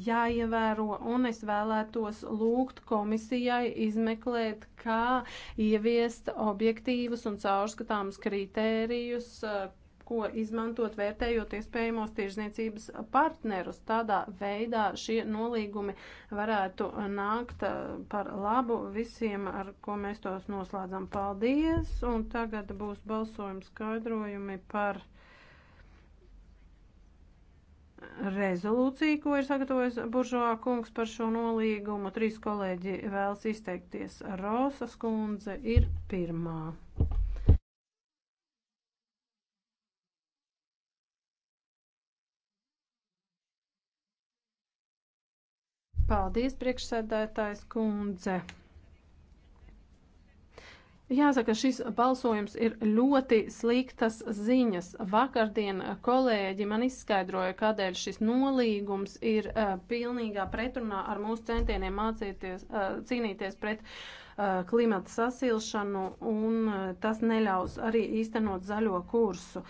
jāievēro, un es vēlētos lūgt komisijai izmeklēt, kā ieviest objektīvus un caurskatāmus caurskatāmus kritērijus, eh, ko izmantot vērtējot iespējamos tirzniecības partnerus. Tādā veidā šie nolīgumi varētu nākt eh, par labu visiem, ar ko mēs tos noslēdzam. Paldies! Un tagad būs balsojums skaidrojumi par rezolūciju, ko ir sagatavojis Buržoā kungs par šo nolīgumu. Trīs kolēģi vēlas izteikties. Rosas kundze ir pirmā. Paldies, priekšsēdētājs kundze. Jāsaka, šis balsojums ir ļoti sliktas ziņas. Vakardien kolēģi man izskaidroja, kādēļ šis nolīgums ir uh, pilnīgā pretrunā ar mūsu centieniem mācīties, uh, cīnīties pret uh, klimata sasilšanu, un uh, tas neļaus arī īstenot zaļo kursu.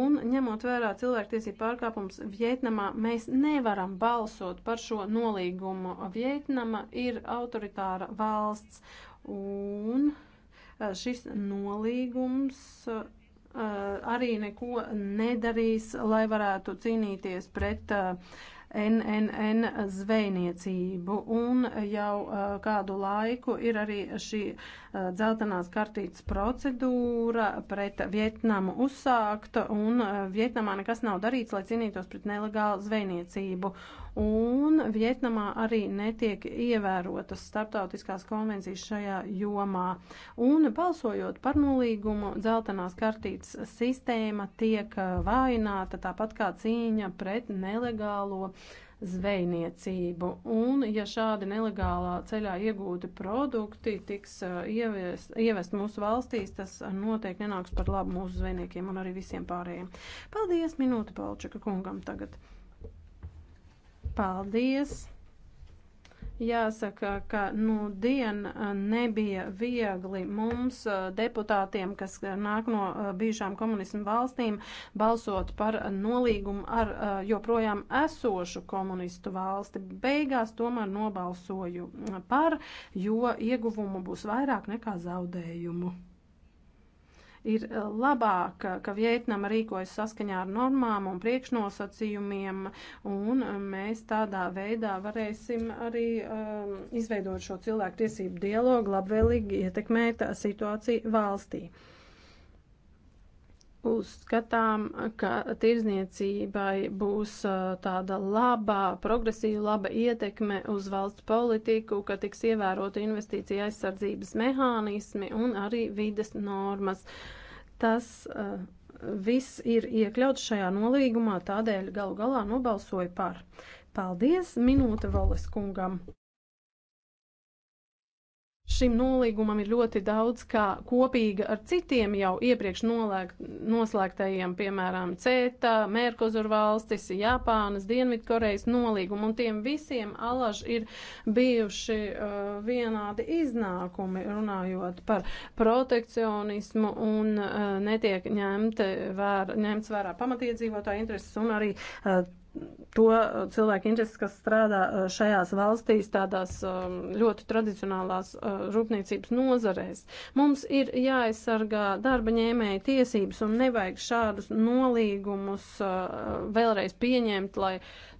Un ņemot vērā cilvēktiesību pārkāpums Vietnamā, mēs nevaram balsot par šo nolīgumu. Vietnama ir autoritāra valsts, un. Uh, šis nolīgums arī neko nedarīs, lai varētu cīnīties pret NNN zvejniecību. Un jau kādu laiku ir arī šī Eh, dzeltenās kartītes procedūra pret Vietnamu uzsākta, un eh, Vietnamā nekas nav darīts, lai cīnītos pret nelegālu zvejniecību. Un Vietnamā arī netiek ievērotas starptautiskās konvencijas šajā jomā. Un balsojot par nolīgumu, dzeltenās kartītes sistēma tiek eh, vājināta, tāpat kā cīņa pret nelegālo uh, zvejniecību. Un, ja šādi nelegālā ceļā iegūti produkti tiks uh, ieviest, ievest mūsu valstīs, tas noteikti nenāks par labu mūsu zvejniekiem un arī visiem pārējiem. Paldies, minūte Palčaka kungam tagad. Paldies! Jāsaka, ka nu dien nebija viegli mums, deputātiem, kas nāk no bijušām komunismu valstīm, balsot par nolīgumu ar joprojām esošu komunistu valsti. Beigās tomēr nobalsoju par, jo ieguvumu būs vairāk nekā zaudējumu ir eh, labāk, ka Vietnama rīkojas saskaņā ar normām un priekšnosacījumiem, un eh, mēs tādā veidā varēsim arī um, izveidot šo cilvēku tiesību dialogu, labvēlīgi ietekmēt situāciju valstī uzskatām, ka tirzniecībai būs tāda labā, progresīva, laba ietekme uz valsts politiku, ka tiks ievērota investīcija aizsardzības mehānismi un arī vides normas. Tas uh, viss ir iekļauts šajā nolīgumā, tādēļ galu galā nobalsoju par. Paldies, minūte Voles kungam! šim nolīgumam ir ļoti daudz kā kopīga ar citiem jau iepriekš nolēgt, noslēgtajiem, piemēram, CETA, Merkozur valstis, Japānas, Dienvidkorejas nolīgumu, un tiem visiem alaž ir bijuši uh, vienādi iznākumi, runājot par protekcionismu, un uh, netiek ņemti vēr, ņemts vērā pamatiedzīvotāju intereses un arī uh, to uh, cilvēku intereses, kas strādā uh, šajās valstīs, tādās um, ļoti tradicionālās uh, rūpniecības nozarēs. Mums ir jāaizsargā darba ņēmēja tiesības un nevajag šādus nolīgumus vēlreiz pieņemt, lai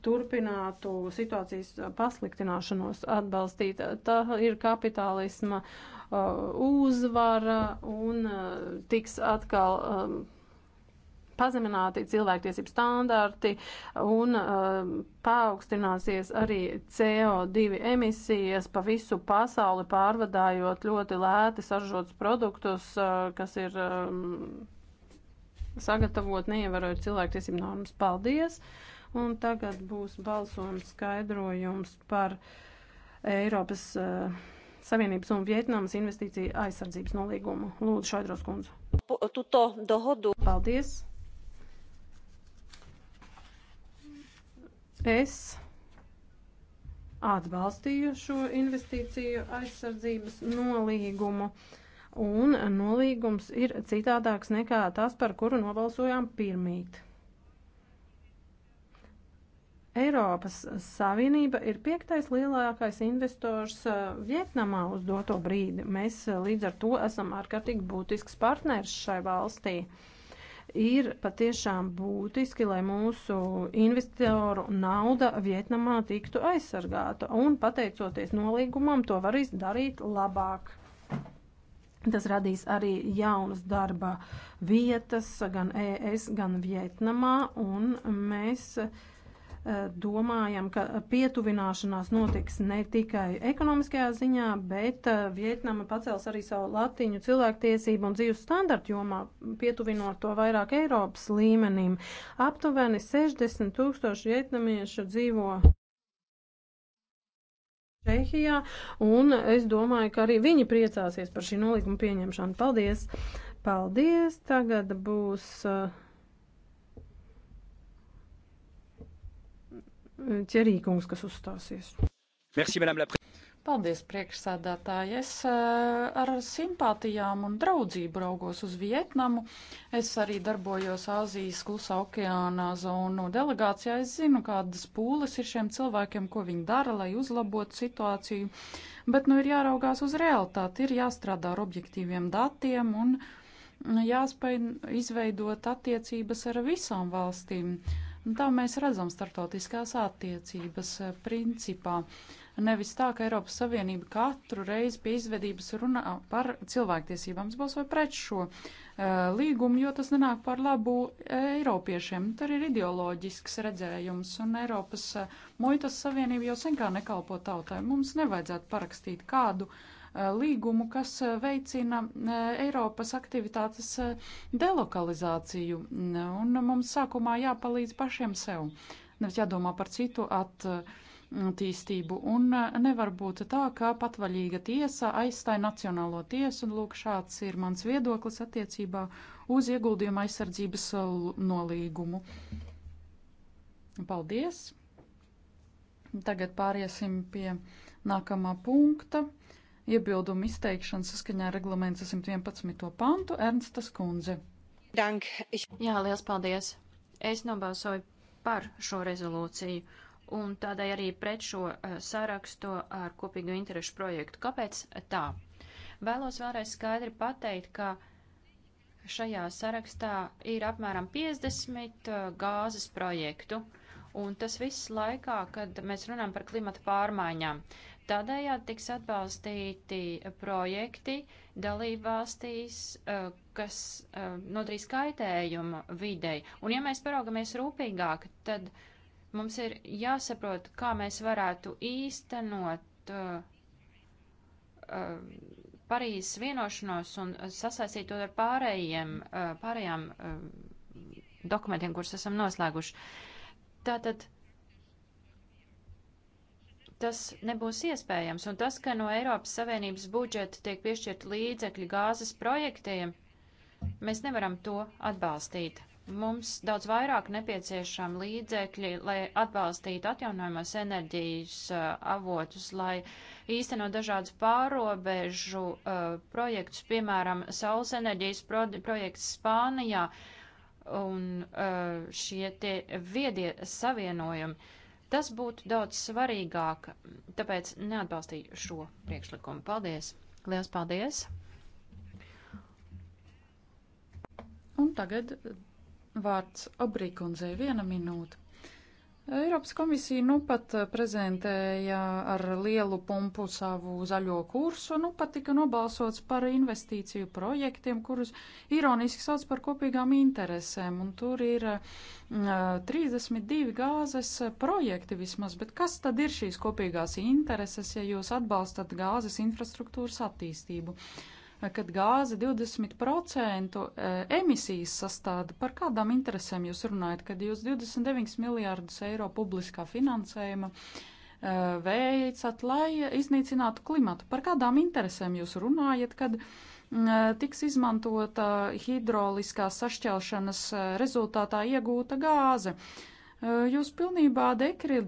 turpinātu situācijas pasliktināšanos atbalstīt. Tā ir kapitālisma uzvara un tiks atkal um, pazemināti cilvēktiesību standarti un uh, paaugstināsies arī CO2 emisijas pa visu pasauli pārvadājot ļoti lēti saržotus produktus, uh, kas ir um, sagatavot neievērojot cilvēktiesību normas. Paldies! Un tagad būs balsojums skaidrojums par Eiropas uh, Savienības un Vietnamas investīcija aizsardzības nolīgumu. Lūdzu, Šaidros kundze. Paldies! Es atbalstīju šo investīciju aizsardzības nolīgumu. Un nolīgums ir citādāks nekā tas, par kuru nobalsojām pirmīt. Eiropas Savienība ir piektais lielākais investors uh, Vietnamā uz doto brīdi. Mēs uh, līdz ar to esam ārkārtīgi būtisks partners šai valstī. Uh, ir patiešām būtiski, lai mūsu investoru nauda Vietnamā tiktu aizsargāta. Un pateicoties nolīgumam, to varēs darīt labāk. Tas radīs arī jaunas darba vietas gan ES, gan Vietnamā, un mēs uh, Eh, domājam, ka pietuvināšanās notiks ne tikai ekonomiskajā ziņā, bet eh, Vietnama pacels arī savu latiņu cilvēktiesību un dzīves standartu jomā, pietuvinot to vairāk Eiropas līmenim. Aptuveni 60 tūkstoši vietnamiešu dzīvo Čehijā, un es domāju, ka arī viņi priecāsies par šī nolīguma pieņemšanu. Paldies! Paldies! Tagad būs. Uh, ķerīkums, kas uzstāsies. Merci, madame la prezidente. Paldies, priekšsēdētāji. Es eh, ar simpātijām un draudzību raugos uz Vietnamu. Es arī darbojos Āzijas klusā okeāna zonu delegācijā. Es zinu, kādas pūles ir šiem cilvēkiem, ko viņi dara, lai uzlabotu situāciju. Bet nu ir jāraugās uz realitāti, ir jāstrādā ar objektīviem datiem un jāspēj izveidot attiecības ar visām valstīm. Uh, Un tā mēs redzam startautiskās attiecības eh, principā. Nevis tā, ka Eiropas Savienība katru reizi pie izvedības runā par cilvēktiesībām. Es balsoju pret šo uh, līgumu, jo tas nenāk par labu Eiropiešiem. Tur ir ideoloģisks redzējums, un Eiropas uh, muitas savienība jau sen kā nekalpo tautai. Mums nevajadzētu parakstīt kādu uh, Eh, līgumu, kas eh, veicina eh, Eiropas aktivitātes delokalizāciju. Un mums sākumā jāpalīdz pašiem sev, nevis jādomā par citu attīstību. Un nevar būt tā, ka patvaļīga tiesa aizstāja nacionālo tiesu, un lūk, šāds ir mans viedoklis attiecībā uz ieguldījuma aizsardzības nolīgumu. Paldies! Tagad pāriesim pie nākamā punkta iebildumu izteikšanu saskaņā ar reglamentu 111. pantu Ernsta Skundze. Dank. Jā, liels paldies. Es nobalsoju par šo rezolūciju un tādai arī pret šo eh, sarakstu ar kopīgu interešu projektu. Kāpēc tā? Vēlos vēlreiz skaidri pateikt, ka šajā sarakstā ir apmēram 50 eh, gāzes projektu un tas viss laikā, kad mēs runājam par klimata pārmaiņām. Tādējādi tiks atbalstīti projekti dalībvalstīs, eh, kas eh, nodarīs kaitējumu videi. Un ja mēs paraugamies rūpīgāk, tad mums ir jāsaprot, kā mēs varētu īstenot eh, Parīzes vienošanos un sasaistīt to ar pārējiem, pārējām dokumentiem, kurus esam noslēguši. Uh, Tātad tas nebūs iespējams, un tas, ka no Eiropas Savienības budžeta tiek piešķirt līdzekļi gāzes projektiem, mēs nevaram to atbalstīt. Mums daudz vairāk nepieciešami līdzekļi, lai atbalstītu atjaunojumos enerģijas uh, avotus, lai īstenot dažādus pārobežu uh, projektus, piemēram, saules enerģijas pro projekts Spānijā. Uh, un šie tie viedie savienojumi. Tas būtu daudz svarīgāk, tāpēc neatbalstīju šo priekšlikumu. Paldies! Liels paldies! Un tagad vārds Obrīkundzei viena minūte. Eiropas komisija nu pat eh, prezentēja ar lielu pumpu savu zaļo kursu, nu pat tika nobalsots par investīciju projektiem, kurus ironiski sauc par kopīgām interesēm, un tur ir uh, eh, 32 gāzes projekti vismaz, bet kas tad ir šīs kopīgās intereses, ja jūs atbalstat gāzes infrastruktūras attīstību? Uh, kad gāze 20% e, emisijas sastāda. Par kādām interesēm jūs runājat, kad jūs 29 miljārdus eiro publiskā finansējuma e, veicat, lai iznīcinātu klimatu? Par kādām interesēm jūs runājat, kad e, tiks izmantota hidroliskās sašķelšanas rezultātā iegūta gāze? Jūs pilnībā dekri,